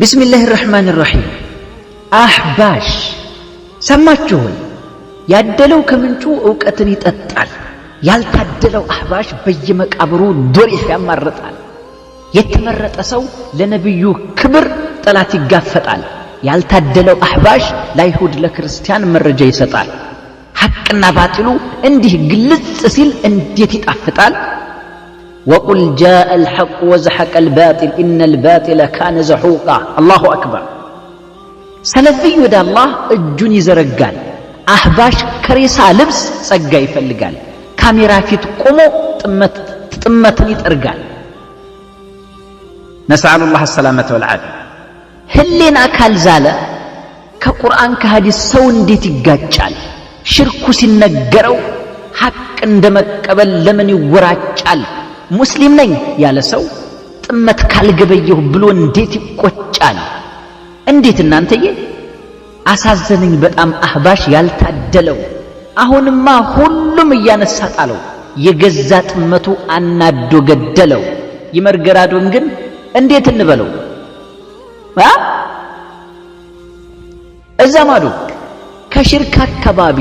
ቢስሚላህ ራሕማን ራሒም አሕባሽ ሰማችሁን? ያደለው ከምንጩ እውቀትን ይጠጣል። ያልታደለው አህባሽ በየመቃብሩ ዶሪፍ ያማርጣል። የተመረጠ ሰው ለነቢዩ ክብር ጠላት ይጋፈጣል። ያልታደለው አህባሽ ለአይሁድ ለክርስቲያን መረጃ ይሰጣል። ሐቅና ባጢሉ እንዲህ ግልጽ ሲል እንዴት ይጣፍጣል። ወቁል ጃአ አልሐቅ ወዘሐቀ አልባጢል ኢነ አልባጢለ ካነ ዘሑቃ። አላሁ አክበር። ሰለፍይ ወደ አላህ እጁን ይዘረጋል። አህባሽ ከሬሳ ልብስ ጸጋ ይፈልጋል። ካሜራ ፊት ቆሞ ጥመትን ይጠርጋል። ነስአሉላህ አሰላመተ ወልዓፊያ። ህሌና ካልዛለ ከቁርአን ከሐዲስ ሰው እንዴት ይጋጫል? ሽርኩ ሲነገረው ሐቅ እንደ መቀበል ለምን ይወራጫል? ሙስሊም ነኝ ያለ ሰው ጥመት ካልገበየሁ ብሎ እንዴት ይቆጫል? እንዴት እናንተዬ! አሳዘነኝ በጣም አህባሽ ያልታደለው። አሁንማ ሁሉም እያነሳ ጣለው፣ የገዛ ጥመቱ አናዶ ገደለው። ይመርገራዶን ግን እንዴት እንበለው? እዛ ማዶ ከሽርክ አካባቢ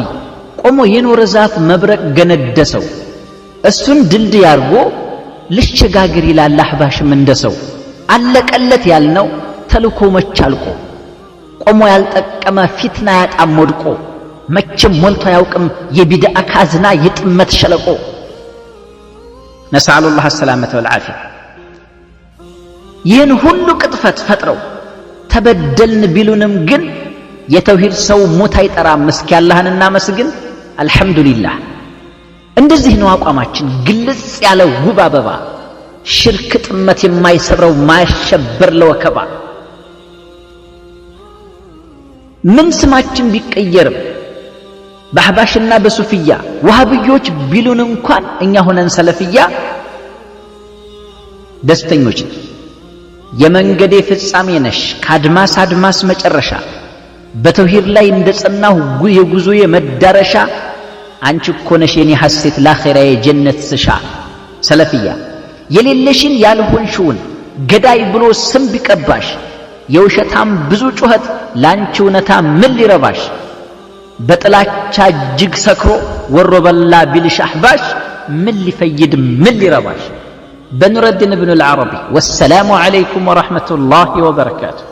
ቆሞ የኖረ ዛፍ መብረቅ ገነደሰው። እሱን ድልድይ አድርጎ ልሸጋግር ይላል አህባሽም እንደ ሰው አለቀለት ያልነው ተልኮ መች አልቆ ቆሞ ያልጠቀመ ፊትና ያጣም ወድቆ መቼም ሞልቶ አያውቅም የቢድአ ካዝና የጥመት ሸለቆ። ነስአሉላህ አሰላመተ ወልዓፊያ። ይህን ሁሉ ቅጥፈት ፈጥረው ተበደልን ቢሉንም ግን የተውሂድ ሰው ሞት አይጠራም። እስኪ አላህን እናመስግን። አልሐምዱሊላህ እንደዚህ ነው አቋማችን፣ ግልጽ ያለ ውብ አበባ፣ ሽርክ ጥመት የማይሰብረው ማያሸበር ለወከባ። ምን ስማችን ቢቀየርም በአህባሽና በሱፍያ ዋሃብዮች ቢሉን እንኳን እኛ ሆነን ሰለፍያ ደስተኞች ነን። የመንገዴ ፍጻሜ ነሽ ከአድማስ አድማስ መጨረሻ በተውሂድ ላይ እንደ ጸናሁ የጉዞዬ መዳረሻ አንቺ እኮ ነሽ የኔ ሐሴት ላኺራ የጀነት ስሻ ሰለፍያ የሌለሽን ያልሆንሽውን ገዳይ ብሎ ስም ቢቀባሽ የውሸታም ብዙ ጩኸት ላንቺ እውነታ ምን ሊረባሽ? በጥላቻ እጅግ ሰክሮ ወሮ በላ ቢልሽ አሕባሽ ምን ሊፈይድ ምን ሊረባሽ? በኑረዲን እብኑል ዓረቢ ወሰላሙ ዓለይኩም ወረሕመቱላሂ ወበረካቱ